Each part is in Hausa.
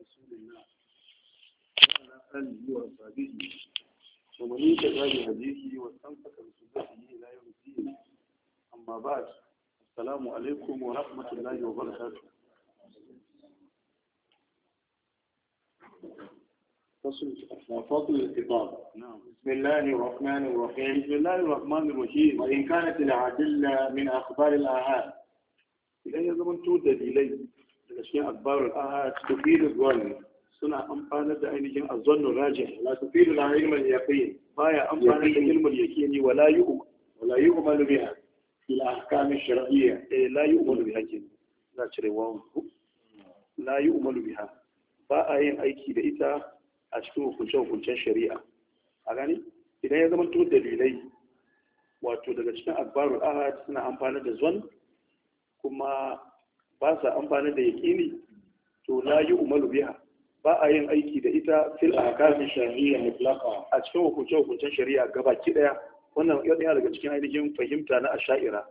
رسول الله وعلى آله وأصحابه ومن هذه بهديه واستمسك بسنته إلى يوم الدين أما بعد السلام عليكم ورحمة الله وبركاته فصل الخطاب نعم. بسم الله الرحمن الرحيم بسم الله الرحمن الرحيم وإن كانت العدلة من أخبار الآهات إذا يزمن تودد إلي daga cikin akbarul ahad tufilu zuwan suna amfanar da ainihin azzannu raji la tufilu la ilmal yaqin baya amfanar da ilmul yaqini wala yu'u wala malu biha ila ahkam shar'iyya e la yu'malu biha kin eh, na cire wawu la yu'malu biha ba a yin aiki da ita a cikin hukunce-hukuncen shari'a a gani idan ya zama to dalilai wato daga cikin akbarul ahad suna amfanar da zon kuma ba sa amfani da yaƙini to la yi umaru biha ba a yin aiki da ita fil ahkamin shari'a mutlaqa a cikin hukunce hukuncen shari'a ki daya wannan yana daga cikin ainihin fahimta na asha'ira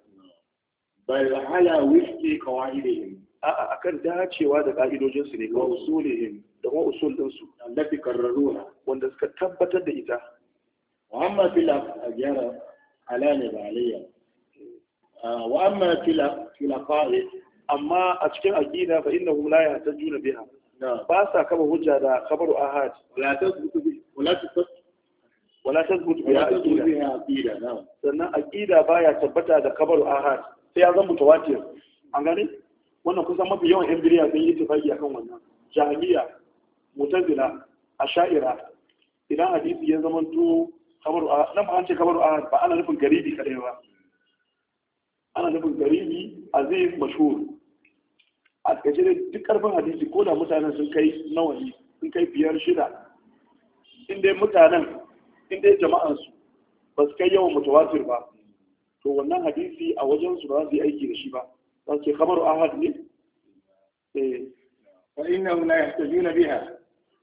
Bai hala wifqi qawaidihim a a akan dacewa da ka'idojin su ne ga usulihim da kuma usul din su allati karraruha wanda suka tabbatar da ita wa amma fil ajara ala ne ba alayya wa amma fil fil qa'id amma a cikin aqida fa innahum la juna biha ba sa kama hujja da kabaru ahad wala tazbutu bi wala tazbutu wala tazbutu bi sannan aqida baya tabbata da kabaru ahad sai ya zama mutawatir an gane wannan kusan mafi yawan yan biriya sun yi tafaki akan wannan jami'a mutazila asha'ira idan hadisi ya zama to kabaru ahad nan ba an ce kabaru ahad ba ana nufin garibi kadai ba ana nufin garibi aziz mashhur a takaice dai duk karfin hadisi ko da mutanen sun kai nawa ne, sun kai biyar shida in dai mutanen in dai jama'ansu ba su kai yawan mutawatir ba to wannan hadisi a wajen su ba za su yi aiki da shi ba Ba su kamar ahad ne eh fa innahu la yahtajuna biha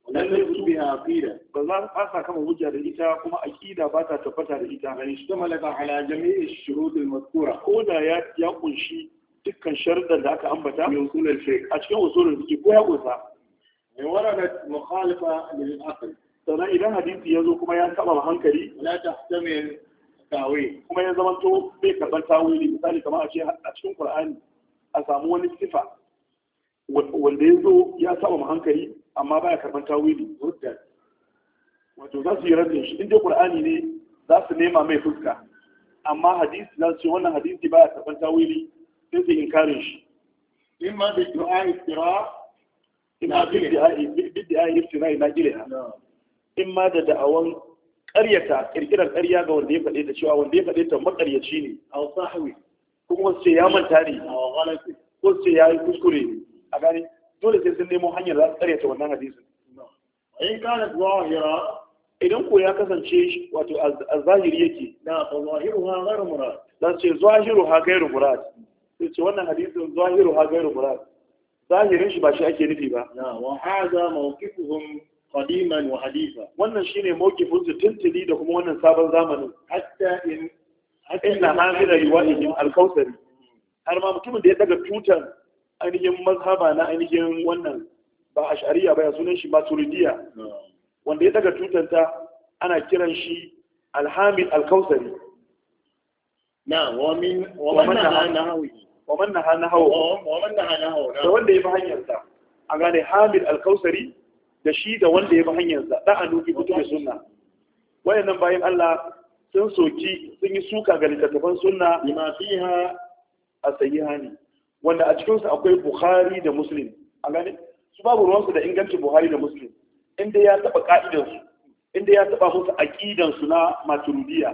la yusu biha aqida ba za ba sa kama hujja da ita kuma aqida ba ta tabbata da ita ga shi malaka ala jami'i shurut al-mazkura ko da ya ya kunshi dukkan sharuɗan da aka ambata min usulul fiqh a cikin usulun fiqh ko ya gusa in waradat mukhalifa lil aql sannan idan hadisi ya zo kuma ya saba hankali la tahtamil tawi kuma ya zama to bai karɓar tawili misali kamar a ce a cikin qur'ani a samu wani sifa wanda ya zo ya saba hankali amma baya karɓar tawili rudda wato za su yi rabin shi in dai qur'ani ne za su nema mai fuska amma hadisi za su ce wannan hadisi baya karɓar tawili sai su shi da du'a ina ina da da'awan ƙaryata kirkirar ƙarya ga wanda ya faɗe da cewa wanda ya ta ne a sahwi kuma wasu ya manta ne ko su ya yi kuskure ne a dole sai sun nemo hanyar za ƙaryata wannan in hira, idan ko ya kasance wato a yake na fa zahiru ha murad dan ce zahiru ha murad sai ce wannan hadisin zahiru ha gairu murad zahirin shi ba shi ake nufi ba wa hadha mawqifuhum qadiman wa hadifa wannan shine mawqifin su tuntuli da kuma wannan sabon zamanin hatta in inna hadhihi riwayatihim al-kautsari har ma mutumin da ya daga tutan ainihin mazhaba na ainihin wannan ba ash'ariya ba ya sunan shi maturidiya wanda ya daga tutanta ana kiran shi alhamid al-kautsari na wamin waman na hawi waman na hana hawa waman na hana da wanda ya fi hanyarsa a gane hamid alkausari da shi da wanda ya fi hanyarsa da alubi kutubi sunna wayannan bayan Allah sun soki sun yi suka ga littattafan sunna lima fiha hani. wanda a cikinsu akwai bukhari da muslim a gane su babu ruwansu da ingancin buhari da muslim inda ya taɓa ƙa'idansu, inda ya taba musu aqidansu na maturidiya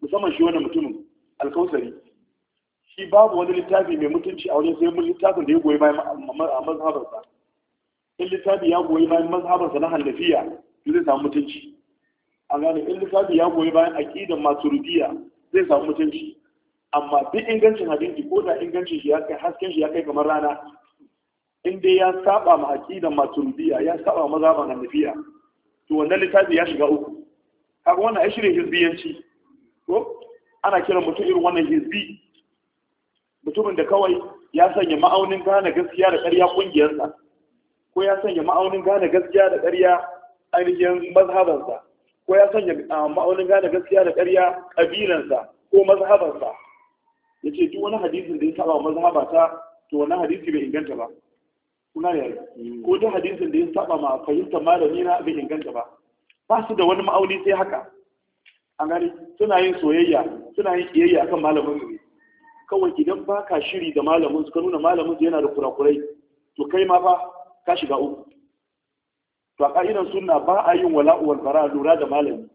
musamman shi wannan mutumin alkausari shi babu wani littafi mai mutunci a wajen sai mun littafin da ya goyi bayan mazhabarsa in littafi ya goyi bayan mazhabarsa na hannafiya zai samu mutunci a gane in littafi ya goyi bayan aƙidan maturidiya zai samu mutunci amma duk ingancin hadisi ko da ingancin shi ya kai hasken shi ya kai kamar rana in dai ya saba ma aqidan maturidiya ya saba ma mazhaban hannafiya to wannan littafi ya shiga uku kaga wannan ai shirye hizbiyanci ko ana kiran mutum irin wannan hizbi mutumin da kawai ya sanya ma'aunin gane gaskiya da ƙarya ƙungiyarsa ko ya sanya ma'aunin gane gaskiya da ƙarya ainihin mazhabansa ko ya sanya ah, ma'aunin gane gaskiya da ƙarya ƙabilansa ko mazhabansa ya ce duk wani hadisin da ya saba mazhaba ta to wani hadisi bai inganta ba kuna da hmm. ko duk hadisin da ya saba ma fahimtar malami na bai inganta ba ba su da wani ma'auni sai haka an gani suna yin soyayya suna yin kiyayya kan malamin ne kawai idan ba ka shiri da malamin su ka nuna malamin su yana da kurakurai to kai ma fa ka shiga uku to a ka'idan sunna ba a yin wala'u wal bara lura da malami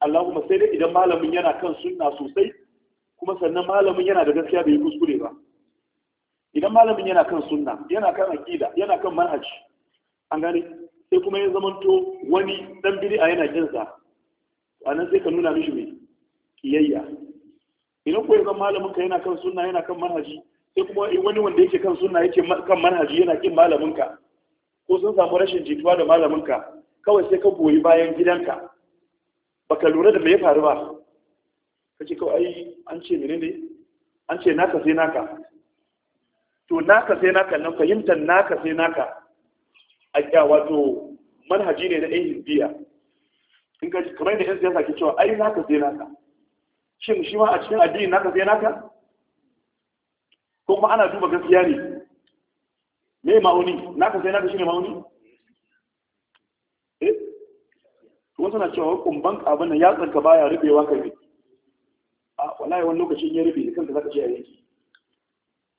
Allahumma sai dai idan malamin yana kan sunna sosai kuma sannan malamin yana da gaskiya bai kuskure ba idan malamin yana kan sunna yana kan aqida yana kan manhaji an gani sai kuma ya zamanto wani dan bid'a yana kinsa wannan sai ka nuna mishi mai kiyayya idan ko yanzu malamin ka yana kan sunna yana kan manhaji sai kuma wani wanda yake kan sunna yake kan manhaji yana kin malamin ka ko sun samu rashin jituwa da malamin ka kawai sai ka goyi bayan gidanka baka lura da me ya faru ba kace kawai ai an ce ne an ce naka sai naka to naka sai naka nan fahimtar naka sai naka a wato manhaji ne na ayyubiya in ka kamar da yan siyasa ke cewa ai naka sai naka shin shi ma a cikin addini naka sai naka ko kuma ana duba gaskiya ne me ma'auni naka sai naka shine ma'auni eh Kuma na cewa kumban abin nan ya ka baya rubewa kai a wallahi wani lokaci ya rufe da kanka zaka ce a yanki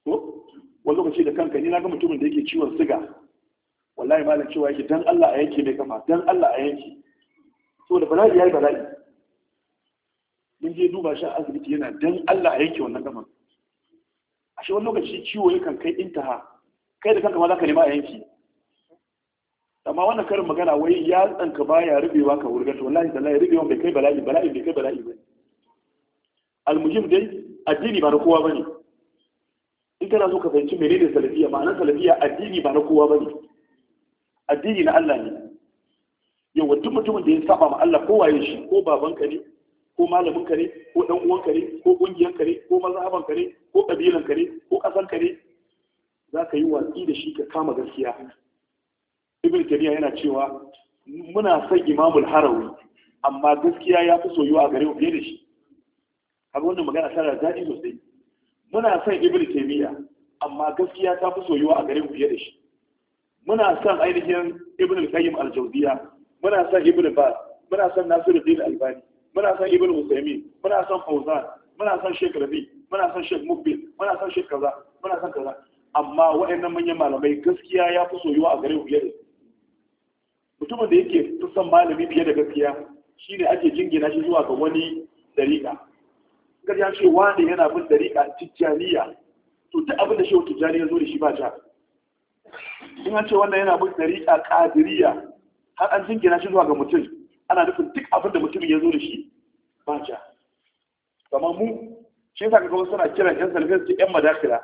ko wani lokaci da kanka ni na ga mutumin da yake ciwon siga wallahi malam cewa yake dan Allah a yanki mai kama, dan Allah a yanki. so da bala'i ya yi bala'i mun je duba shi a asibiti yana dan Allah a yanke wannan gaban a shi wani lokaci ciwo yakan kai intaha kai da kanka ma za ka nema a yanki amma wannan karin magana wai ya tsanka baya rubewa ka wurga to wallahi tallahi rubewa bai kai bala'i bala'i bai kai bala'i ba almujim dai addini ba na kowa bane in kana so ka fahimci menene salafiya ma'anar salafiya addini ba na kowa bane addini na Allah ne yawa duk mutumin da ya saba ma Allah ko waye shi ko babanka ne ko malaminka ne ko dan uwanka ne ko kungiyanka ne ko mazhabanka ne ko kabilanka ne ko ka ne za ka yi watsi da shi ka kama gaskiya ibn tariya yana cewa muna son imamul harawi amma gaskiya ya fi soyuwa a gare mu fiye da shi kaga wannan magana tana da daɗi sosai muna son ibn taymiya amma gaskiya ta fi soyuwa a gare mu fiye da shi muna son ainihin ibn al-qayyim al-jawziya muna son ibn bas muna son nasiruddin albani muna son ibn usaimin muna son fauzan muna son sheikh rabi muna son sheikh mubin muna son sheikh kaza muna son kaza amma waɗannan manyan malamai gaskiya ya fi soyuwa a gare fiye da mutumin da yake fi son malami fiye da gaskiya shine ake jingina shi zuwa ga wani dariƙa kar ya ce wani yana bin dariƙa tijjaniya to duk abin da shi wa ya zo da shi ba ja in an ce wannan yana bin dariƙa ƙadiriya har an jingina shi zuwa ga mutum ana nufin duk abin da mutumin ya zo da shi ba ja kuma mu shi yasa kaga suna kiran yan salafiyar su yan madakira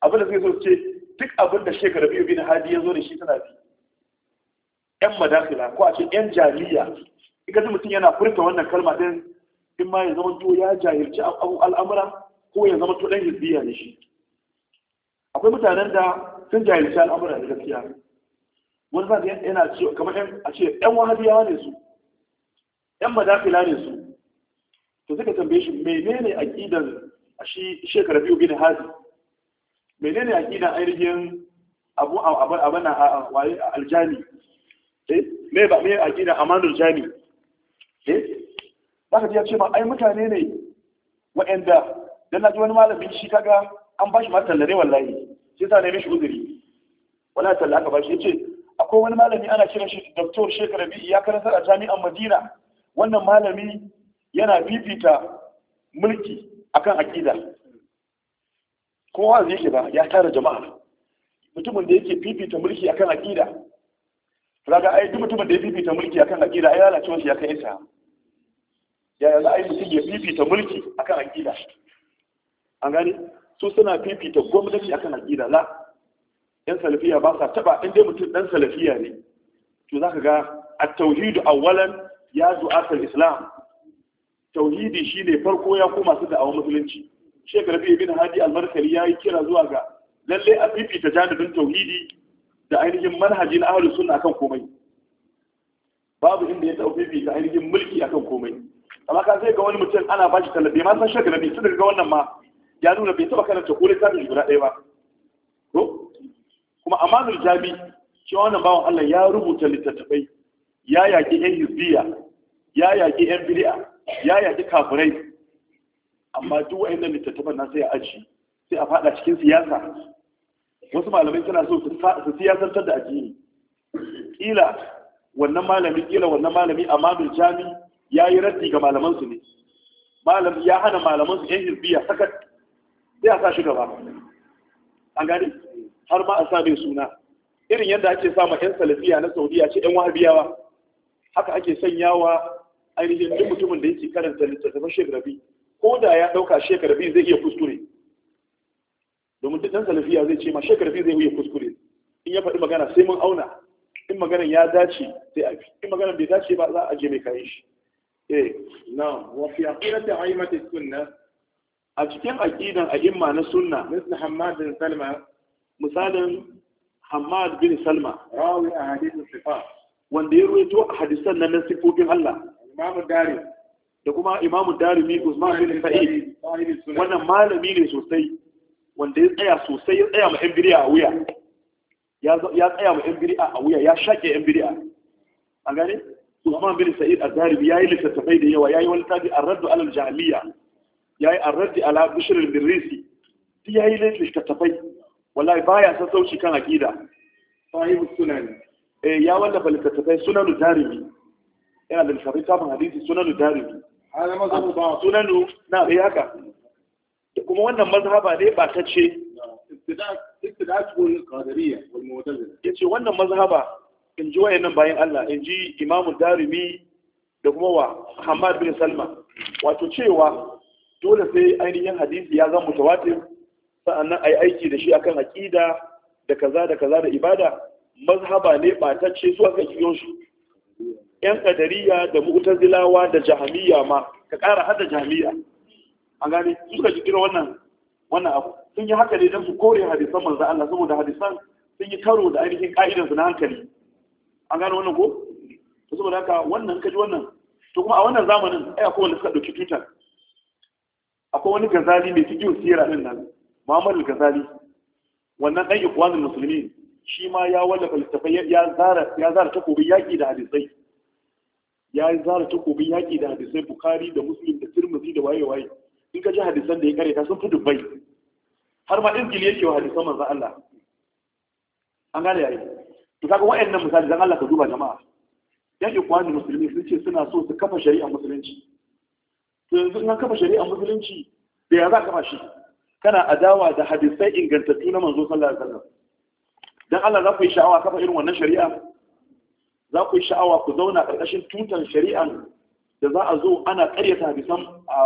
abin da suke so ce duk abin da shekara biyu na hadi ya zo da shi suna bi yan madakira ko a ce yan jahiliya in mutum yana furta wannan kalma din in ma ya zama to ya jahilci al'amura ko ya zama to dan hizbiya ne shi akwai mutanen da sun jahilci al'amura da gaskiya wani sa yana cewa kamar yan a ce yan wahabiyawa ne su yan madafila ne su to suka tambaye shi menene aqidan shi shekara biyu bin hazi menene aqidan ainihin abu abu abana aljami eh me ba me aqidan amanul jami eh baka ji ya ce ma ai mutane ne wa'anda dan naji wani malamin shi kaga an bashi ma tallare wallahi sai sa ne mishi uzuri wala talla aka bashi yace akwai wani malami ana kiran shi Dr. Sheikh rabi ya karantar a jami'an Madina wannan malami yana fifita mulki akan aqida kowa zai yake ba ya tara jama'a mutumin da yake fifita mulki akan aqida kaga ai duk mutumin da ya fifita mulki akan aqida ai lalacewa shi ya kai sa ya za a yi mutum ya fifita mulki akan aqida an gani su suna fifita gwamnati akan aqida la ɗan salafiya ba sa taɓa in dai mutum ɗan salafiya ne to za ka ga Tauhidu a walan ya du'at al-islam tauhidi shi ne farko ya koma su da'awar musulunci Sheikh Rabi bin Hadi al ya yi kira zuwa ga lalle a fifita janibin tauhidi da ainihin manhajin ahlus sunna akan komai babu inda ya dauke fifita ainihin mulki akan komai amma ka sai ga wani mutum ana ba shi talabi ma san Sheikh Rabi sun ga wannan ma ya nuna bai taɓa karanta ko littafin guda ɗaya ba kuma amanul jami shi wannan bawan Allah ya rubuta littattafai ya yaƙi yan hizbiya ya yaƙi yan bili'a, ya yaƙi kafirai amma duk wa'annan littattafan nan sai a aji sai a fada cikin siyasa wasu malamai suna so su siyasantar da addini kila wannan malami kila wannan malami amanul jami ya yi raddi ga malamansu ne malam ya hana malamansu yan hizbiya sakat sai a sa shi gaba an gane har ma a sa mai suna irin yadda ake sama yan salafiya na saudiya ce yan wahabiyawa haka ake sanyawa ainihin duk mutumin da yake karanta littattafan shekarabi ko da ya ɗauka shekarabi zai iya kuskure domin duk ɗan salafiya zai ce ma shekarabi zai iya kuskure in ya faɗi magana sai mun auna in maganan ya dace sai a fi in maganan bai dace ba za a je mai kayan shi eh na wa fi aqidati aimati sunna a cikin aqidan a'imma na sunna misal Hammad bin Salma misalin Hamad bin Salma rawi a hadisin sifat wanda ya rubuto hadisan nan na sifofin Allah Imam Dari da kuma Imam Darimi Usman bin Sa'id wannan malami ne sosai wanda ya tsaya sosai ya tsaya ma ƴan bid'a a wuya ya tsaya ma yan bid'a a wuya ya shake yan bid'a an gane Usman bin Sa'id Az-Zaribi yayi littattafai da yawa yayi wani tabi ar-radd ala al-jahmiya yayi ar-radd ala bishr al-birrisi yayi littattafai wallahi baya san sauci kan aqida sahibu sunan eh ya wallafa littattafai sunanu darimi yana da littafin kafin hadisi sunanu darimi hada mazhabu ba sunanu na bai eh, haka da kuma wannan mazhaba ne ba ta ce istidaqul qadariyya wal mu'tazila yace wannan mazhaba in ji wayannan bayan Allah in ji imamu darimi da kuma wa Hamad bin Salma wato cewa dole sai ainihin hadisi ya zama mutawatir sa'annan yi aiki da shi akan aƙida da kaza da kaza da ibada mazhaba ne ce su ga kiyon shi yan ƙadariya da zilawa da jahamiya ma ka ƙara hada jahamiya an gane suka ji wannan wannan abu sun yi haka ne don su kore hadisan manzan Allah saboda hadisan sun yi karo da ainihin ƙa'idan su na hankali an gane wannan ko to saboda haka wannan kaji wannan to kuma a wannan zamanin ai akwai suka ɗauki tutar akwai wani gazali mai cikin sira din nan Muhammad al-Ghazali wannan dan ikwanul muslimi shi ma ya wallafa littafai ya zara ya zara takobin yaki da hadisai ya zara takobin yaki da hadisai Bukhari da Muslim da Tirmidhi da waye waye in ka ji hadisan da ya kare ka sun fi dubbai har ma izgil yake wa hadisan manzo Allah an gane yayi to kaga wayannan misali dan Allah ka duba jama'a yan ikwanul muslimi sun ce suna so su kafa shari'a musulunci to yanzu in an kafa shari'a musulunci da ya za ka kafa shi kana adawa da hadisai ingantattu na manzo sallallahu alaihi wasallam dan Allah za ku yi sha'awa kafa irin wannan shari'a za ku yi sha'awa ku zauna karkashin tutar shari'an da za a zo ana karyata hadisan a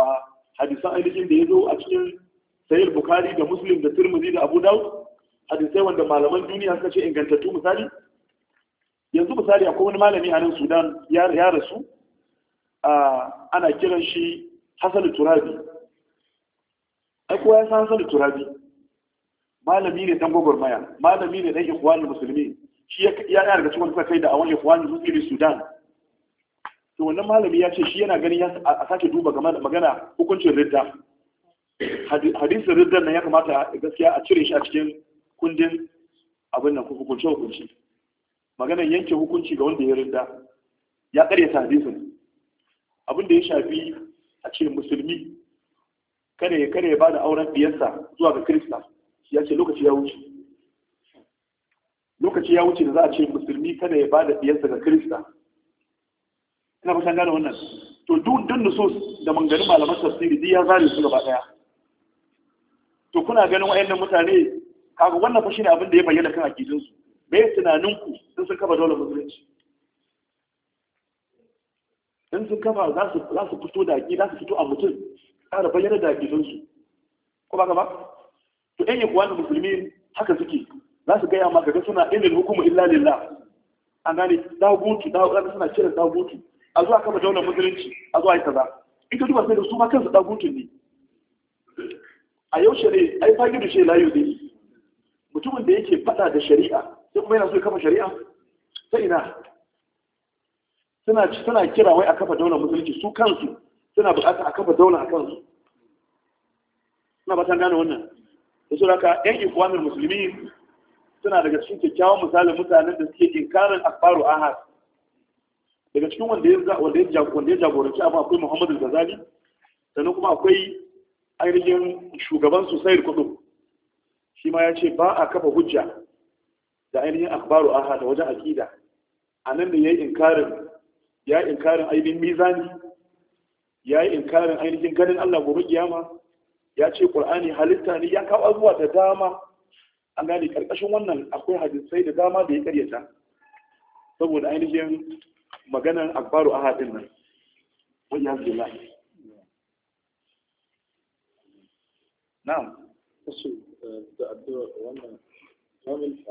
hadisan ainihin da ya zo a cikin sahih bukhari da muslim da tirmidhi da abu daud hadisai wanda malaman duniya suka ce ingantattu misali yanzu misali akwai wani malami a nan sudan ya rasu ana kiran shi Hassan turabi ai kowa ya san da turabi malami ne dan gwagwarmaya malami ne dan ikhwanul musulmi shi ya ya daga cikin kai da awon ikhwanul musulmi Sudan to wannan malami ya ce shi yana ganin ya a sake duba game da magana hukuncin ridda hadisi riddan nan ya kamata gaskiya a cire shi a cikin kundin abin nan hukunce hukunci magana yanke hukunci ga wanda ya ridda ya karyata hadisin abin da ya shafi a ce musulmi kare ya kare ya da auren biyarsa zuwa ga Kirista ya ce lokaci ya wuce lokaci ya wuce da za a ce musulmi kare ya ba da biyarsa ga Kirista ina fatan gane wannan to duk duk nusus da manganin malaman tafsiri duk ya zare su gaba daya to kuna ganin wa'annan mutane kaga wannan fashi ne abin da ya bayyana kan akidin su me tunanin ku sun sun kafa dole musulunci in sun kafa za su fito da akida za su fito a mutum ƙara bayyana da gidansu ko ba ka ba to ɗan yi kuwa musulmi haka suke za su gaya maka suna ilil hukumu illa lillah an gane da dagutu suna kiran dagutu a zuwa kama daular musulunci a zuwa kaza in ka duba sai da su ma kansu dagutun ne a yau shari'a ai fagi da shi layu dai mutumin da yake fada da shari'a sai kuma yana so ya kafa shari'a sai ina suna kira wai a kafa daular musulunci su kansu suna buƙatar a kafa daular a kansu suna batan gane wannan da su raka yan ikwamin musulmi suna daga cikin kyakkyawan misalin mutanen da suke inkarin akbaru ahad daga cikin wanda ya jagoranci abu akwai muhammadu gazali sannan kuma akwai ainihin shugaban sosai kudu shi ma ya ce ba a kafa hujja da ainihin akbaru ahad da wajen akida a nan da ya yi inkarin ya inkarin ainihin mizani ya yi inkarin ainihin ganin Allah gobe kiyama ya ce Qur'ani halitta ne ya kawo zuwa da dama an gane karkashin wannan akwai hadisai da dama da ya karyata saboda ainihin maganan akbaru ahadin nan wajen zila na'am su eh, da addu'a wannan بسم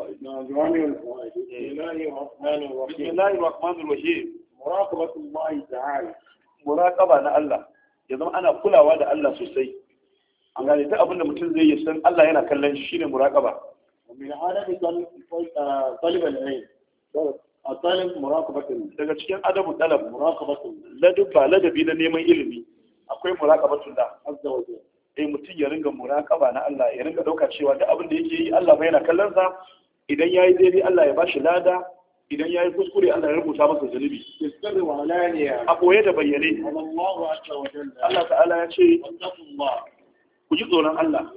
الله الرحمن الرحيم مراقبة الله تعالى muraƙaba na Allah ya zama ana kulawa da Allah sosai an gane ta abin mutum zai yi san Allah yana kallon shi shine muraƙaba min adabi talibal uh, ilm a talib muraqabatun daga cikin adabu talab muraqabatun ladabba ladabi na neman ilimi akwai muraqabatun da azza wa jalla eh mutum ya ringa muraƙaba na Allah ya ringa dauka cewa da abin da yake yi Allah bai yana kallon sa idan yayi daidai Allah ya bashi lada idan ya yi kuskure Allah ya rubuta masa zunubi a ɓoye da bayyane Allah ta'ala ya ce ku ji tsoron Allah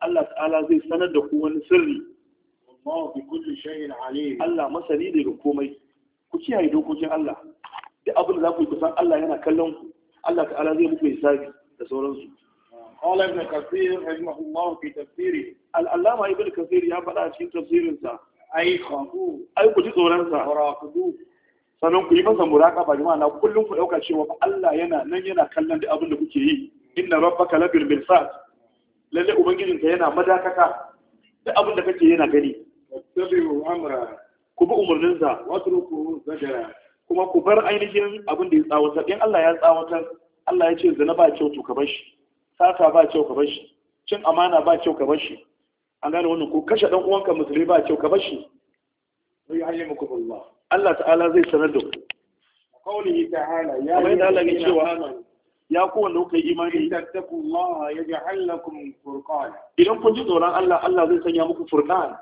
Allah ta'ala zai sanar da ku wani sirri Allah masani ne da komai ku kiyaye dokokin Allah duk abin za ku yi kusan Allah yana kallon ku Allah ta'ala zai muku hisabi da sauransu قال ابن كثير رحمه الله في تفسيره العلامة ابن كثير يا بلا في تفسير ai ku tsoron sa sannan ku yi masa ba jama'a na kullum ku dauka cewa Allah yana nan yana kallon da abin da kuke yi inna rabbaka labil mirsad lalle ubangijinka yana madakaka da abin da kake yana gani tabi'u amra ku bi umarninsa watruku zajara kuma ku bar ainihin abin da ya tsawatar in Allah ya tsawatar Allah ya ce zina ba kyau to ka bar shi sata ba kyau ka bar shi cin amana ba kyau ka bar shi an gane wannan ko kashe dan uwanka musulmi ba kyau ka bashi zai alimukum Allah Allah ta'ala zai sanar da ku qawlihi ta'ala ya yi da Allah ya cewa ya ku wanda kuka yi imani Allah yaj'al lakum furqan idan kun ji tsoron Allah Allah zai sanya muku furqan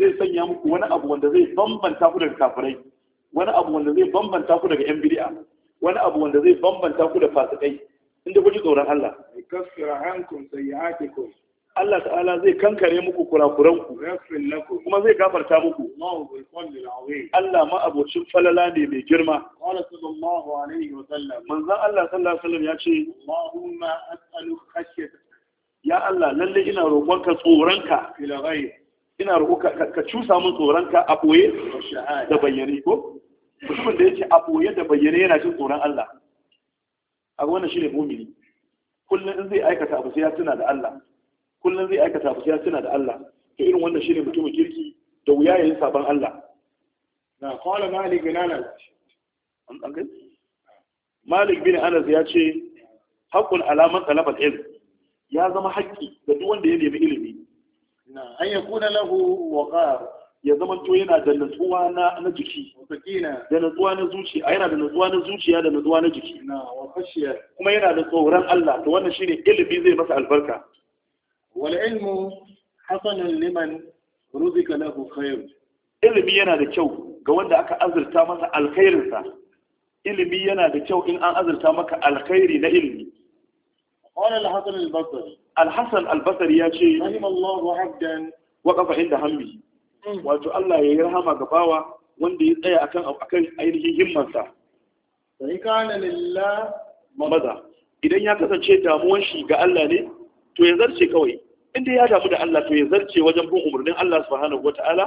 zai sanya muku wani abu wanda zai bambanta ku daga kafirai wani abu wanda zai bambanta ku daga yan bid'a wani abu wanda zai bambanta ku da fasikai inda kun ji tsoron Allah kaffira hankum sayi'atikum Allah ta'ala zai kankare muku kurakuranku kuma zai gafarta muku Allah ma abocin falala ne mai girma manzan Allah sallallahu alaihi ya ce ya Allah lalle ina roƙonka tsoronka ina roƙonka ka cusa mun tsoronka a boye da bayyane ko mutumin da yake a boye da bayyane yana cin tsoron Allah a wannan shine mumini kullum in zai aikata abu sai ya tuna da Allah kullum zai aikata abu sai ya da Allah to irin wannan shine mutumin kirki da wuya yayin saban Allah na qala malik bin anas an ga malik bin anas ya ce haqqun ala man talaba al-ilm ya zama haƙƙi ga duk wanda ya nemi ilimi na an yakuna lahu waqar ya zama to yana da nutsuwa na na jiki da nutsuwa na zuciya yana da natsuwa na zuciya da nutsuwa na jiki kuma yana da tsoron Allah to wannan shine ilimi zai masa albarka والعلم حسن لمن رزق له خير ilimi yana da kyau ga wanda aka azurta masa alkhairinsa ilimi yana da kyau in an azurta maka alkhairi na ilimi قال الحسن البصري الحسن البصري يا شيخ رحم الله عبدا وقف عند همي wato Allah ya yi rahama ga wanda ya tsaya akan akan ainihin himmansa sai kana lillah maza idan ya kasance damuwan shi ga Allah ne to ya zarce kawai inda ya damu da Allah to ya zarce wajen bin umarnin Allah subhanahu wata'ala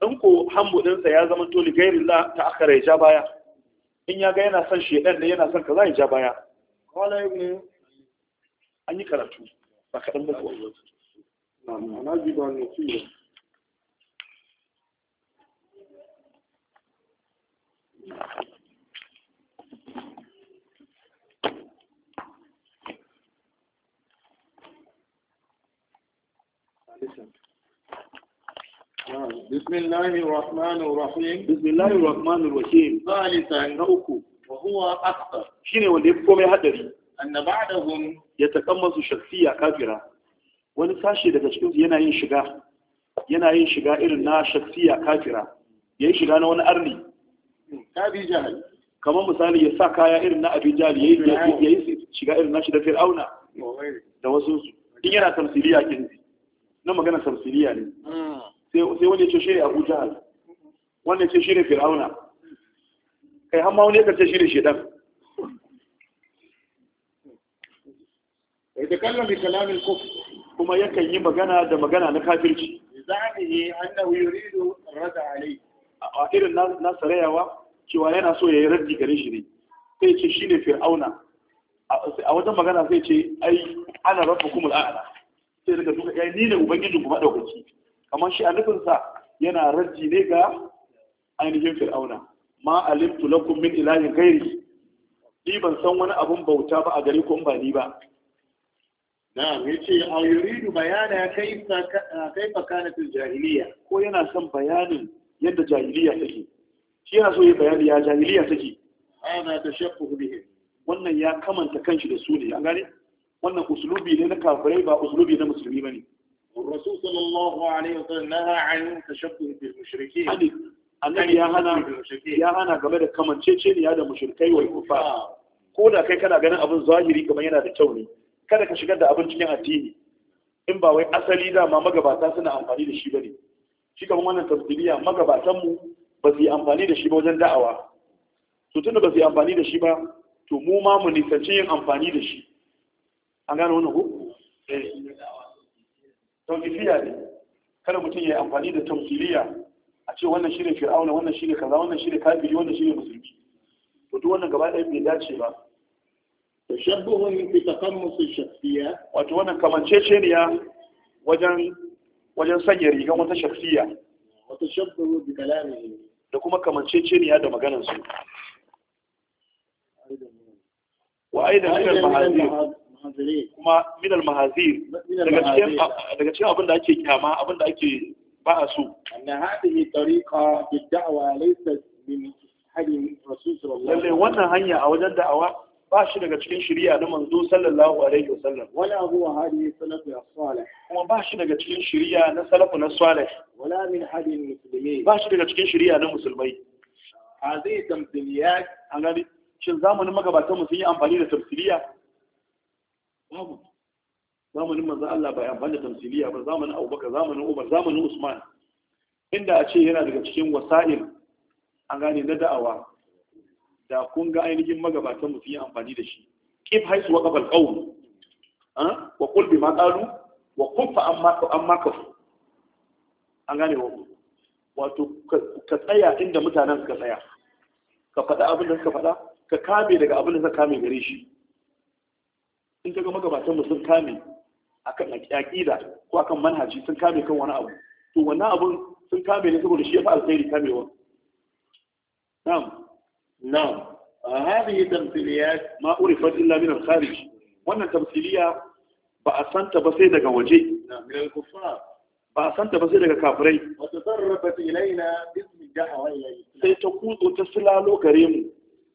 ɗan ko hambu ɗinsa ya zama to li ghairi ta akara ya ja baya in ya ga yana son shedan da yana son kaza ya ja baya qala ibn an yi karatu ba kaɗan ba ko na ji ba ne Thank you. بسم الله الرحمن الرحيم بسم الله الرحمن الرحيم ثالثا نوكو وهو أكثر شنو اللي يبقى هدري أن بعدهم wani sashe daga cikinsu yana yin shiga irin na shaksiya kafira ya yi shiga na wani arni kamar misali ya sa kaya irin na abijal ya yi shiga irin na shi da fir'auna da wasu in yana tamsiliya kinzi na magana samsiriya ne hmm. sai wani ce shi ne abu jihar wani ce shi ne fir'auna kai hama wani ya ce shi ne da kallon da kalamin kuf kuma yakan yi magana da magana na kafirci zanihi annahu yuridu rada alai a irin na sarayawa cewa yana so ya yi raddi gare shi ne sai ce shi ne fir'auna a wajen magana sai ce ai ana rafa kuma al'ada sai daga duka ya eh, ni ne ubangijin kuma daukaci amma shi a nufinsa yana rajji ne ga ainihin fir'auna ma alimtu lakum min ilahin ghairi ni ban san wani abun bauta ba a gare ku in ba ni ba me ce a yuridu bayana kaifa kaifa fil jahiliya ko yana son bayanin yadda jahiliya take shi yana so yi bayani ya jahiliya take ana tashabbuhu bihi wannan ya kamanta kanshi da su ne an gane wannan usulubi ne na kafirai ba usulubi na musulmi ba. bane الرسول صلى الله عليه وسلم نهى عن تشبه بالمشركين annabi ya hana ya hana game da kamanceceniya da mushrikai wa kufa ah. ko da kai kana ganin abin zahiri kamar yana da kyau ne kada ka shigar da abin cikin addini in ba wai asali dama magabata suna amfani da shi bane shi kamar wannan tafsiriya magabatan ba su yi amfani da shi ba wajen da'awa to tunda ba su yi amfani da shi ba to mu ma mu nisanci yin amfani da shi an gano wani ku? Eh. taukifiya ne kada mutum ya yi amfani da taukiliya a ce wannan shi ne fir'auna wannan shi ne kaza wannan shi ne kafiri wannan shi ne musulmi to duk wannan gaba ɗaya bai dace ba tashabbuhun fi taqammus shakhsiyya wato wannan kamanceceniya wajen wajen sanya rigan wata shakhsiyya wa tashabbuhu bi kalamihi da kuma kamanceceniya da maganar su wa aidan ilal mahazir kuma minal mahazir daga cikin abin da ake kyama abin da ake ba a so anna hadhihi tariqa bid-da'wa laysa min hadi rasul sallallahu alaihi wannan hanya a wajen da'awa ba shi daga cikin shari'a na manzo sallallahu alaihi wasallam wala huwa hadi salafu as-salih kuma ba shi daga cikin shari'a na salafu na salih wala min hadi muslimin ba shi daga cikin shari'a na musulmai hadhihi tamthiliyat an gani shin zamanin magabatan mu sun yi amfani da tamthiliya babu zamanin manzo Allah bai amfani da tamsiliya ba zamanin Abubakar zamanin Umar zamanin Usman inda a ce yana daga cikin wasa'il an gane na da'awa da kun ga ainihin magabatan mutum yi amfani da shi kif haisu wa qabal qawl wa qul bima qalu wa kuffa amma amma kafu an gane wa wato ka tsaya inda mutanen suka tsaya ka faɗa abin da suka faɗa ka kame daga abin da suka kame gare shi in ga magabatan mu sun kame akan aqida ko akan manhaji sun kame kan wani abu to wannan abun sun kame ne saboda shi ya fa alkhairi kamewa na'am na'am هذه تمثيليات ما عرفت الا من الخارج wannan tamsiliya ba a santa ba sai daga waje ba a santa ba sai daga kafirai sai ta kutso ta silalo gare mu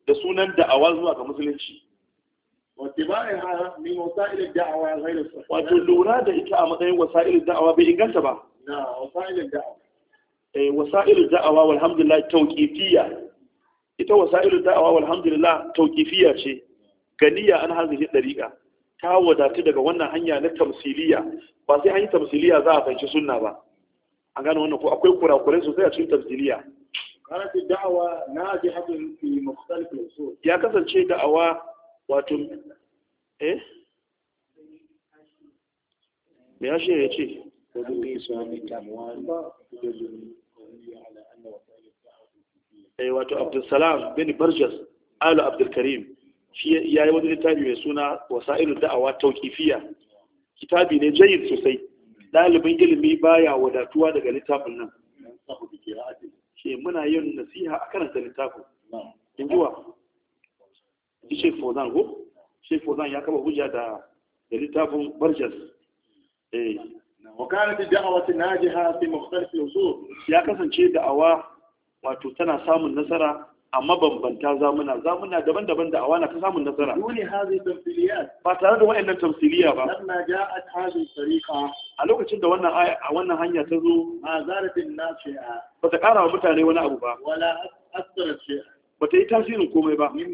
da sunan da'awa zuwa ga musulunci wato lura da ita a matsayin wasa'ilin da'awa bai inganta ba wasa'ilin eh, da'awa walhamdulillah tauƙifiya ita wasa'ilin da'awa walhamdulillah tauƙifiya ce ganiya an shi ɗariƙa ta wadatu daga wannan hanya na tamsiliya ba sai an yi tamsiliya za a fahimci sunna ba an gane wannan ko akwai kurakurai sosai a cikin tamsiliya ya kasance da'awa wato eh me ya ce eh, wato abdulsalam bin barjas alu abdulkarim shi ya yi wani littafi mai suna wasailu da'awa tauƙifiya kitabi ne jayin sosai ɗalibin ilimi baya wadatuwa daga littafin nan shi muna yin nasiha a karanta littafin in shi shek fozan ko shek fozan ya kaba hujja da da littafin barjas eh وكانت الدعوة ناجحة في مختلف الوصول يا كسن شيء دعوة wato tana samun nasara amma bambanta zamuna zamuna daban-daban da awana ta samun nasara dole hazi tamsiliyat ba tare da wayannan tamsiliya ba lamma ja'at hazi tariqa a lokacin da wannan a wannan hanya ta zo ma zaratin nasi'a ba ta kara wa mutane wani abu ba wala asara shi'a ba ta yi tasirin komai ba ya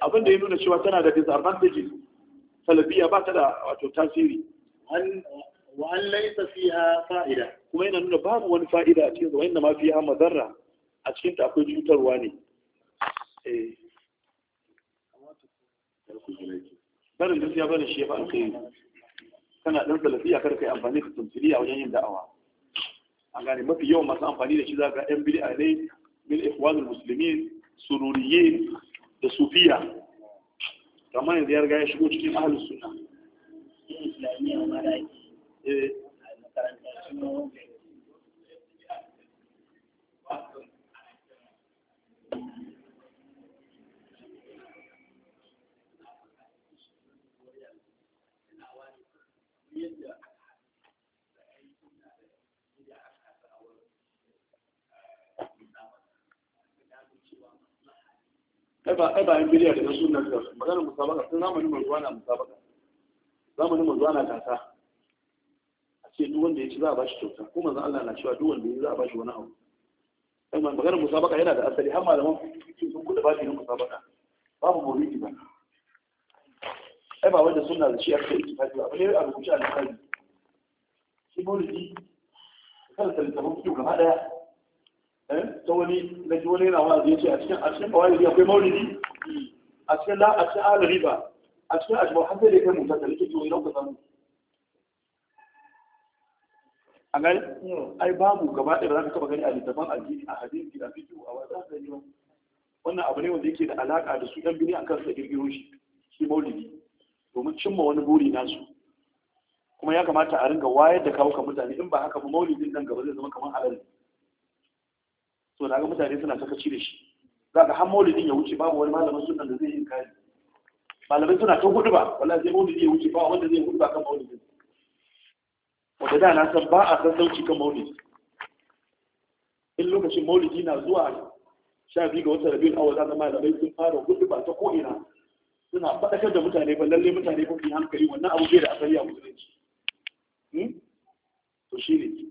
abin da ya nuna cewa tana da disadvantages salbiya ba ta da wato tasiri wa an fi ha fa'ida kuma yana nuna babu wani fa'ida a cikin wanda ma ha mazarra a cikin ta akwai cutarwa ne eh. barin gaskiya barin shi ba kai kana ɗan salafiya kar yi amfani da a wajen yin da'awa A gane mafi yawan masu amfani da shi za ga yan bid'a ne min ikhwanul muslimin sururiyin da sufiya kamar yanzu ya riga shigo cikin ahalus sunna eh ai ba ai yan bidiya da nasu nan da maganin musabaka sun zamanin zuwa na musabaka zamanin zuwa na gasa a ce duk wanda ya ci za a bashi kyauta ko manzo Allah na cewa duk wanda ya za a bashi wani abu ai magana musabaka yana da asali har malaman fiqh sun kula bashi na musabaka babu mawlidi ba ai ba wanda sunna da shi aka yi tafi ba ne a rubuce a lissafi shi mawlidi kan littafin fiqh gaba daya Eh? ta wani na ji wani yana wani ce a cikin a cikin kawai akwai maulidi a cikin la a cikin ala riba a cikin ajiyar har sai da kai mutaka nake to idan ka samu a gani ai babu gaba ɗaya ba za ka taɓa gani a littafin addini a hadisi a fito a wata za ka wannan abu ne wanda yake da alaƙa da su ɗan bini a kansa ƙirƙiro shi shi maulidi domin cimma wani buri nasu kuma ya kamata a ringa wayar da kawo kan mutane in ba haka ba maulidin nan gaba zai zama kamar halal to da mutane suna sakaci da shi za ka har maulidin ya wuce babu wani malamin sunan da zai yi kari malamai suna ta hudu ba wala sai maulidi ya wuce ba wanda zai hudu ba kan maulidin wanda da na san ba a san sauki kan maulidi in lokacin maulidi na zuwa sha biyu ga wata rabin awa zaka malamai sun fara hudu ba ta ko'ina suna faɗakar da mutane ba lalle mutane ba fi hankali wannan abu bai da asali a musulunci hmm? to shi ne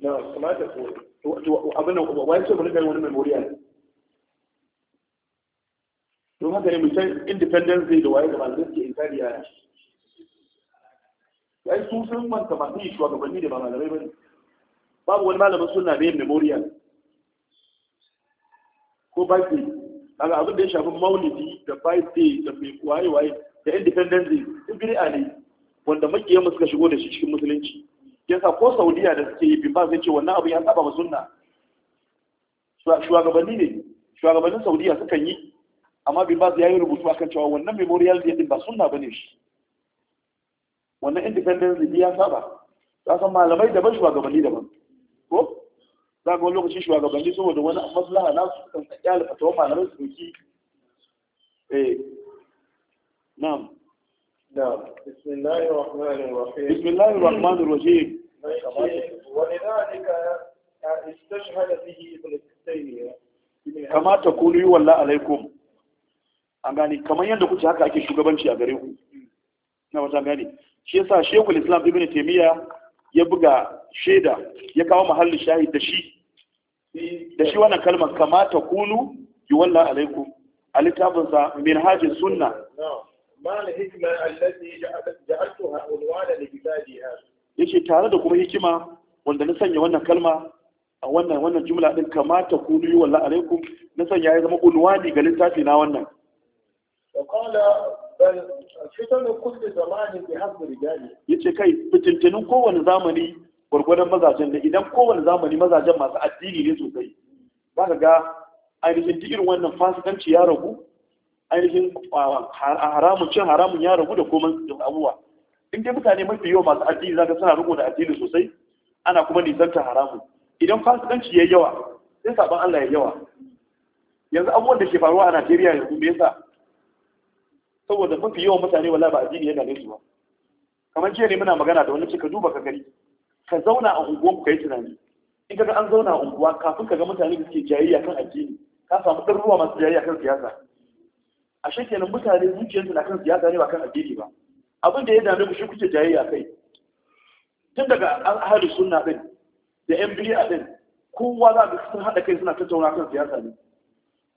na kamata abin nan wai ce mun gari wani memorial don haka ne mutum independence day da waye da malamai suke inkari yaya ya su sun manta masu yi shugabanni da ba malamai ba ne babu wani malamin suna ne memorial ko baki daga abin da ya shafi maulidi da birthday da mai waye waye da independence day duk bid'a ne wanda makiyan suka shigo da shi cikin musulunci yasa ko saudiya da suke yi bimba zai ce wannan abu ya saba ba sunna shugabanni ne shugabannin saudiya sukan yi amma bimba ya yi rubutu akan cewa wannan memorial day din ba sunna bane shi wannan independence day ya saba ka san malamai daban shugabanni daban ko za ga wani lokaci shugabanni saboda wani maslaha na su kan da fatawa malamai su doki eh na'am نعم بسم الله الرحمن الرحيم بسم الله kamar yadda kuke haka ake shugabanci a gare ku na wata gane shi yasa shekul islam ibn taymiya ya buga shaida ya kawo mahallin shahid da shi wannan kalmar kamata kunu yuwalla alaikum a littafinsa minhajin sunna ما الحكمة التي جعلتها عنوانا لكتابي هذا yace tare da kuma hikima wanda na sanya wannan kalma a wannan wannan jumla din kamata ku yi wa alaikum na sanya ya zama unwani ga littafi na wannan ya ce bal fitanu kulli zamani bi hasbi rijali yace kai fitintunin kowane zamani gwargwadon mazajen da idan kowane zamani mazajen masu addini ne sosai zaka ga ainihin duk irin wannan fasikanci ya ragu ainihin haramun cin haramun ya ragu da komai da abubuwa in dai mutane mafi yawa masu addini zaka suna riko da addini sosai ana kuma nisanta haramun idan fasikanci ya yawa sai saban Allah ya yawa yanzu abubuwan da ke faruwa a Najeriya yanzu me yasa saboda mafi yawan mutane wala ba addini yana gare su ba kamar jiya ne muna magana da wani cika ka duba ka gari ka zauna a unguwan ka yi tunani in ka ga an zauna a unguwa kafin ka ga mutane da suke jayayya kan addini ka samu ruwa masu jayayya kan siyasa a shekenan mutane zuciyarsu na kan siyasa ne ba kan addini ba abin da ya dame ku shi kuke jayayya kai tun daga ahalin sunna din da yan a din kowa za ga sun haɗa kai suna tattauna kan siyasa ne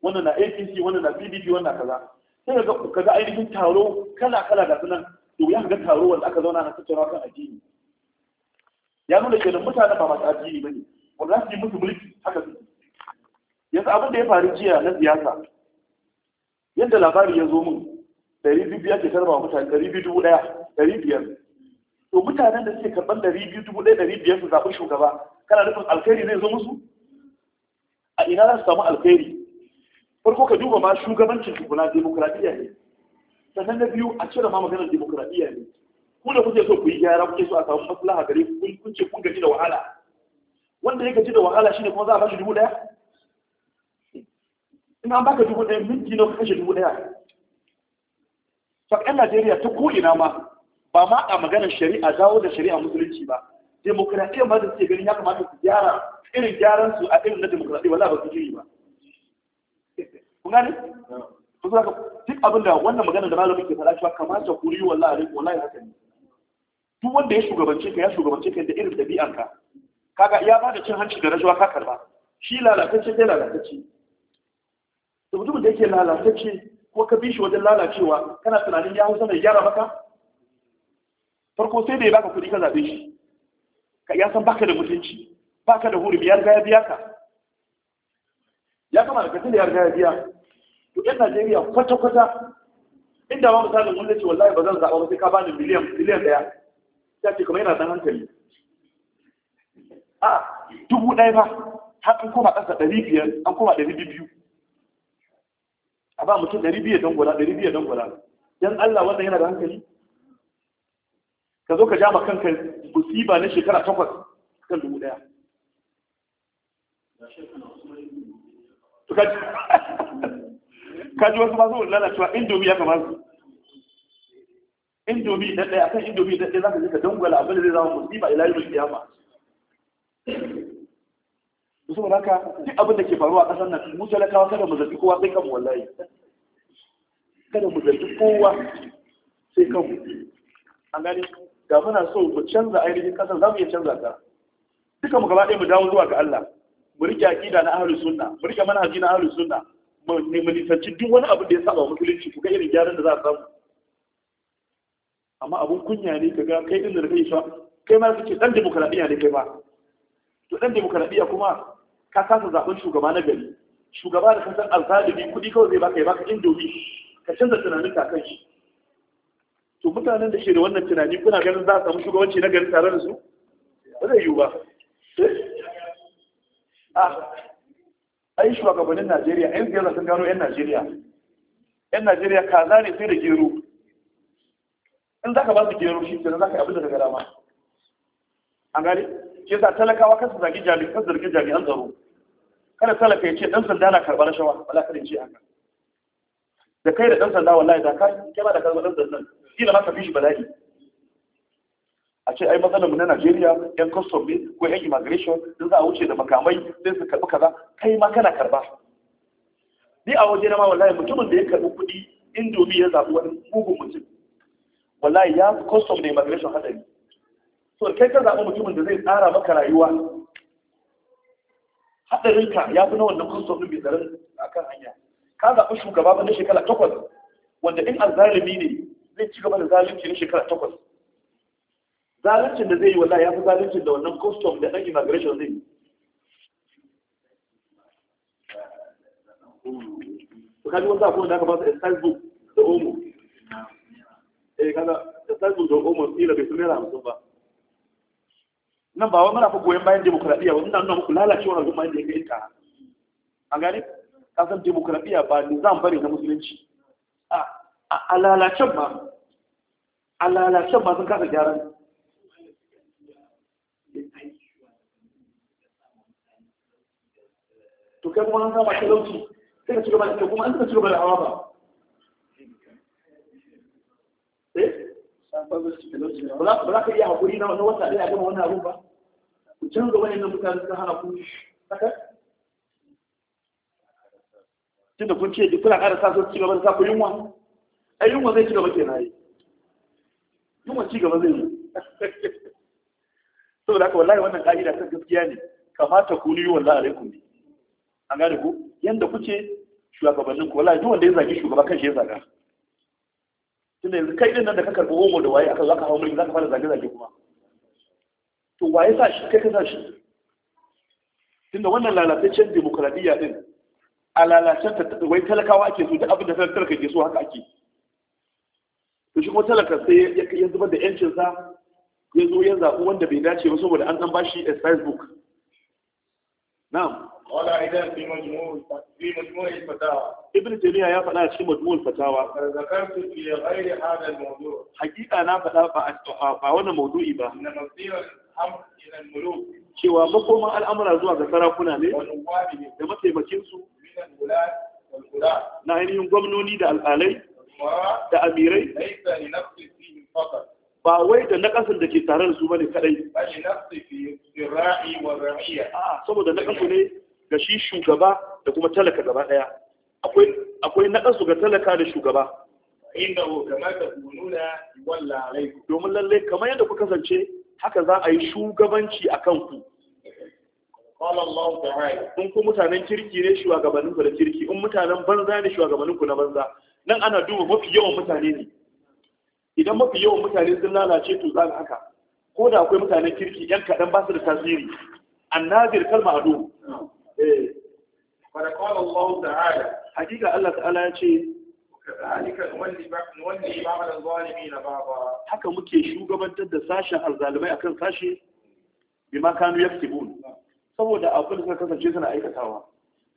wannan na apc wannan na pdp wannan kaza sai ga kaga ainihin taro kala kala ga sunan da wuya ga taro wanda aka zauna na tattauna kan addini ya nuna kenan mutane ba masu addini bane wanda za su yi musu mulki haka su yanzu abin da ya faru jiya na siyasa yadda labari ya zo min ɗari biyu biyar ke karɓa mutane ɗari biyu dubu ɗaya ɗari biyar to mutanen da suke karɓar ɗari biyu dubu ɗaya ɗari biyar su zaɓi shugaba kana nufin alkhairi zai zo musu a ina za su samu alkhairi farko ka duba ma shugabancin tukuna demokuraɗiyya ne sannan na biyu a cire ma maganar demokuraɗiyya ne ku da kuke so ku yi gyara kuke so a samu maslaha gare ku kun ce kun gaji da wahala wanda ya gaji da wahala shine kuma za a bashi dubu ɗaya in an baka dubu ɗaya minti na kashe dubu ɗaya fa ƴan najeriya ta ko'ina ma ba ma a maganar shari'a dawo da shari'a musulunci ba demokradiyya ma da suke ganin ya kamata su gyara irin gyaran su a irin na demokradiyya wala ba su yi ba kun gane to saka duk abin da wannan maganar da malamin ke faɗa cewa kamata ku yi wallahi alaikum wallahi haka ne duk wanda ya shugabance ka ya shugabance ka da irin dabi'anka kaga ya ba da cin hanci da rashawa ka karba shi lalatacce sai lalatacce da mutumin da yake lalatacce ko ka bi shi wajen lalacewa kana tunanin ya hausa mai gyara maka farko sai da baka kuɗi ka zaɓe shi ka ya san baka da mutunci baka da hurumi ya riga ya biya ka ya kama da katin da ya riga ya biya to yan najeriya kwata-kwata inda ma misalin wanda ce wallahi ba zan zaɓa ba sai ka bani miliyan miliyan ɗaya ya ce kuma yana ɗan hankali a dubu ɗaya ba har an koma ƙasa ɗari biyar an koma ɗari biyu a ba mutum ɗari biyu don ɗari biyu don gwada don Allah wannan yana da hankali ka zo ka ja ma kanka musiba na shekara takwas kan dubu ɗaya kaji wasu masu lalacewa indomi ya kama su indomi ɗan ɗaya kan indomi ɗan ɗaya za ka je ka dangwala abin da zai zama musiba ila mai kiyama musamman haka duk abin da ke faruwa a ƙasar nan mu talakawa kada mu zargi kowa sai kanmu wallahi kada mu zargi kowa sai kanmu an gani da muna so mu canza ainihin ƙasar za mu iya canza ta duka mu gaba ɗaya mu dawo zuwa ga Allah mu rike aqida na ahlus sunna mu rike manhaji na ahlus sunna mu ne mu nisanci duk wani abu da ya saba musulunci ku ga irin gyaran da za a samu amma abun kunya ne kaga kai din da kai shi kai ma kake dan demokradiya ne kai ba to dan demokradiya kuma ka kasa zaɓen shugaba na gari shugaba da kasar alzalibi kuɗi kawai zai baka ya baka indomi ka canza tunanin kan shi to mutanen da ke da wannan tunani kuna ganin za a samu shugabanci na gari tare da su ba zai yiwu ba a ah, ai shugabannin najeriya yan siyasa sun gano yan najeriya yan najeriya kaza ne sai da gero in za ka ba su gero shi kenan za ka yi abin da ka gara dama an gane shi yasa talakawa kan su zagi jami'an kan zargi jami'an tsaro kada talaka ya ce dan sanda na karɓar rashawa wala kada ce haka da kai da dan sanda wallahi da ka ba da karɓar dan sanda shi ne maka fishi bala'i a ce ai matsalar mu na Najeriya yan custom ne ko yan immigration sun za a wuce da makamai sai su karɓi kaza kai ma kana karɓa ni a waje na ma wallahi mutumin da ya karɓi kuɗi indomi ya zaɓi wani mugun mutum wallahi ya custom da immigration hadari so kai ka zaɓi mutumin da zai tsara maka rayuwa haɗarinka ya fi na wannan kristof ɗin bizarin a kan hanya ka zaɓi shugaba ba na shekara takwas wanda in azalimi ne zai ci gaba da zalunci na shekara takwas zaluncin da zai yi wallahi ya fi zaluncin da wannan custom da ɗan immigration zai yi ka kaji wata kuma da aka ba su da omo eh kaga istanbul da omo tsira bai su naira hamsin ba nan ba wai muna fa goyon bayan demokradiyya ba muna nuna muku lalacewar al'umma yadda ya gaita A gani gane ka san demokradiyya ba nizam bari na musulunci a lalacen ma a lalacen ma sun kasa gyara. to kai kuma an sama talauci sai ka cigaba da kuma an suka cigaba da hawa ba eh ba za ka iya haƙuri na wata ɗaya a gama wannan abun ba ku canza wayannan mutane suka hana ku saka tunda kun ce duk kuna ƙara sa su ci gaba da sa ku yunwa ai yunwa zai ci gaba na yi yunwa ci gaba zai yi saboda haka wallahi wannan ƙa'ida ta gaskiya ne kamata ku ni wallahi alaikum ne an gane ku yanda kuke shugabannin ku wallahi duk wanda ya zagi shugaba kan shi ya zaga tunda yanzu kai ɗin nan da ka karɓi omo da waye aka zaka hau mulki zaka fara zage zage kuma to waye sa shi kai ka sa shi tunda wannan lalataccen demokradiyya din a lalacen ta wai talakawa ake so duk abin da talaka ke so haka ake to shi kuma talaka sai ya zubar da yancin sa ya zo ya zaɓi wanda bai dace ba saboda an dan bashi exercise book na'am wala idan fi majmu'ul fi majmu'ul fatawa ibn taymiya ya faɗa a cikin majmu'ul fatawa zakartu fi ghairi hadha al-mawdu' haqiqa na faɗa ba a wannan mawdu'i ba na masira cewa makoman al'amura zuwa ga sarakuna ne da mataimakinsu na ainihin gwamnoni da alƙalai da amirai ba wai da naƙasar da ke tare da su ba ne kadai saboda nakasu ne ga shi shugaba da kuma talaka gaba ɗaya, akwai naƙasu ga talaka da shugaba domin lallai kamar yadda ku kasance haka za a yi shugabanci a kanku in ku mutanen kirki ne shugabanninku da kirki in mutanen banza ne shugabanninku na banza nan ana duba mafi yawan mutane ne idan mafi yawan mutane sun lalace to za haka ko da akwai mutanen kirki yan kaɗan ba su da tasiri annazir kalma ado eh. hakika Allah ta'ala ya ce haka muke shugabantar da sashen alzalimai akan sashe bi ma kanu yaktibun saboda abin da suka kasance suna aikatawa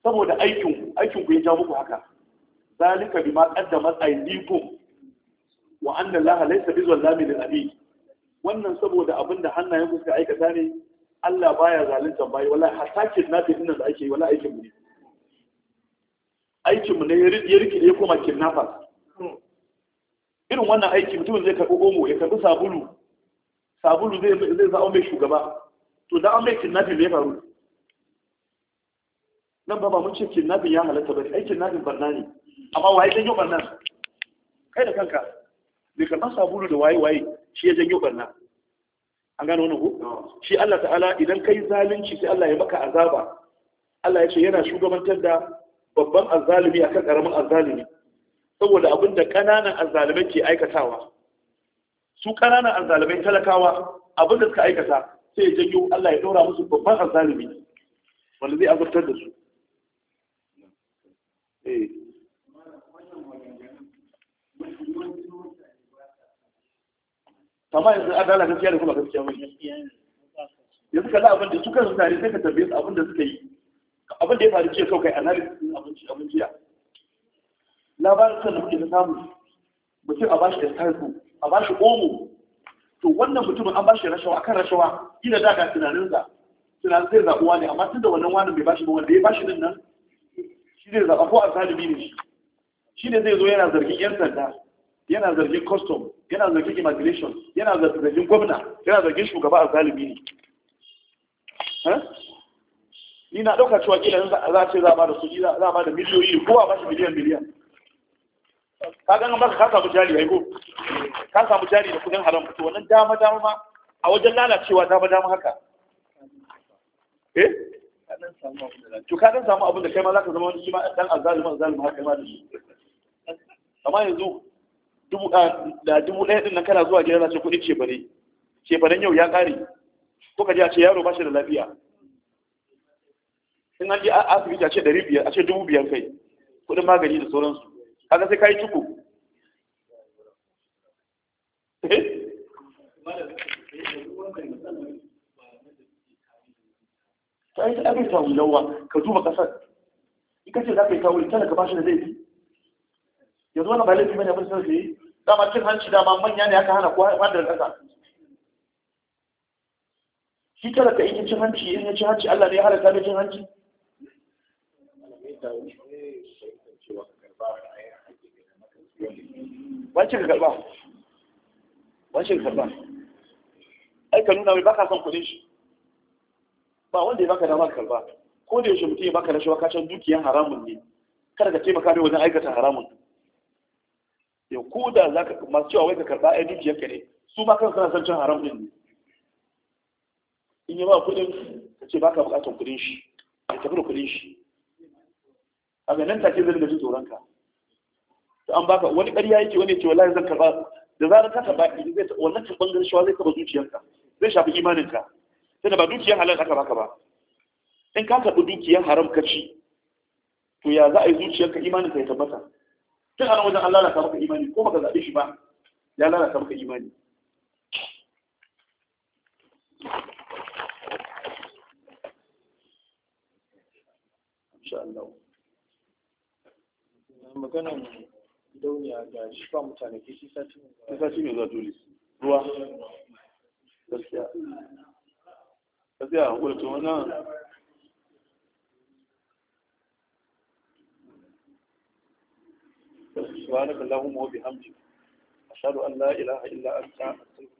saboda aikin aikin ku ya jawo muku haka zalika bi ma qaddamat aydikum wa anna allaha laysa bi zallamin lil abid wannan saboda abin da hannayen ku suka aikata ne Allah baya zalunta bai wala hasakin nafi dinnan da ake yi wala aikin mu ne aikinmu ne ya rikide ya koma kidnappers irin wannan aiki mutumin zai karɓi omo ya karɓi sabulu sabulu zai za'a mai shugaba to da an mai kidnapping ne faru nan ba ba mun ce kidnapping ya halatta ba aikin kidnapping barna ne amma waye janyo barna kai da kanka mai karɓa sabulu da waye waye shi ya janyo barna an gano wannan ko shi Allah ta'ala idan kai zalunci sai Allah ya maka azaba Allah ya ce yana shugabantar da babban a kan ƙaramin azalimi, saboda abin da ƙananan azzalimai ke aikatawa su ƙananan azalimai talakawa abin da suka aikata sai ya janyo Allah ya ɗora musu babban azalimi wanda zai azabtar da su sama eh. yanzu adala gaskiya da kuma gaskiya wani yanzu kalla abin da su kansu tare sai ka tambaye abinda abin da suka yi abin da ya faru jiya kai, analysis din abinci abin jiya labarin sun da muke samu mutum a bashi tarko a bashi omo to wannan mutumin an bashi rashawa akan rashawa ina da ga sa tunanin zai zaɓuwa wani amma tun da wannan wani bai bashi ba wanda ya bashi din nan shi zai zaɓa ko a zalibi ne shi shi ne zai zo yana zargin 'yan sanda yana zargin custom yana zargin immigration yana zargin gwamna yana zargin shugaba a zalibi ne ni na ɗauka cewa kila za a ce za a ba da kuɗi za a ba da miliyoyi ko a ba shi miliyan miliyan ka ganin ba ka samu jari aiko ka samu jari da kudin haram to wannan dama dama ma a wajen lalacewa dama dama haka eh to ka dan samu abin da kai ma za ka zama wani shi ma dan azzalimi ma haka ma da shi amma yanzu dubu da dubu ɗaya din nan kana zuwa gidan na ce kuɗi ce bare ce yau ya ƙare ko ka ji a ce yaro ba shi da lafiya in an je asibiti a ce ɗari biyar a ce dubu biyar kai kuɗin magani da sauransu kaga sai kai cuku eh? ta yi abin tawul yawa ka duba kasar in ka ce za ka yi tawul kada ka bashi da laifi yanzu wani ba laifi bane abin sarfe. yi dama cin hanci dama manya ne aka hana ko wanda da kasa shi tara ka yi cin hanci in ya ci hanci Allah ne ya halatta da cin hanci wace ka karba wace ka karba ai ka nuna mai baka son kudin shi ba wanda ya baka dama ka karba ko da yaushe mutum ya baka rashawa ka can dukiyan haramun ne kada ka taimaka mai wajen aikata haramun yau ko da za ka masu cewa wai ka karba ai dukiyar ka ne su ma kansu suna san cin haram din ne in yi ba kudin ka ce baka bukatan kudin shi ka tafi da kudin shi a ga nan take zai riga jin tsoron ka to an baka wani ƙarya yake wani ce wallahi zan karba da zarar ka karba zai ta wannan karban garshuwa zai taba zuciyarka zai shafi imaninka da ba dukiyar halal aka baka ba in ka karbi dukiyar haram ka ci to ya za a yi zuciyarka imaninka ya tabbata tun a nan wajen an lalata maka imani ko baka zaɓe shi ba ya lalata maka imani insha maganan dauniya ga shi ba mutane ke shi sati ne sati ne za dole ruwa gaskiya gaskiya a hukunta wannan سبحانك اللهم وبحمدك أشهد أن لا إله إلا أنت أستغفرك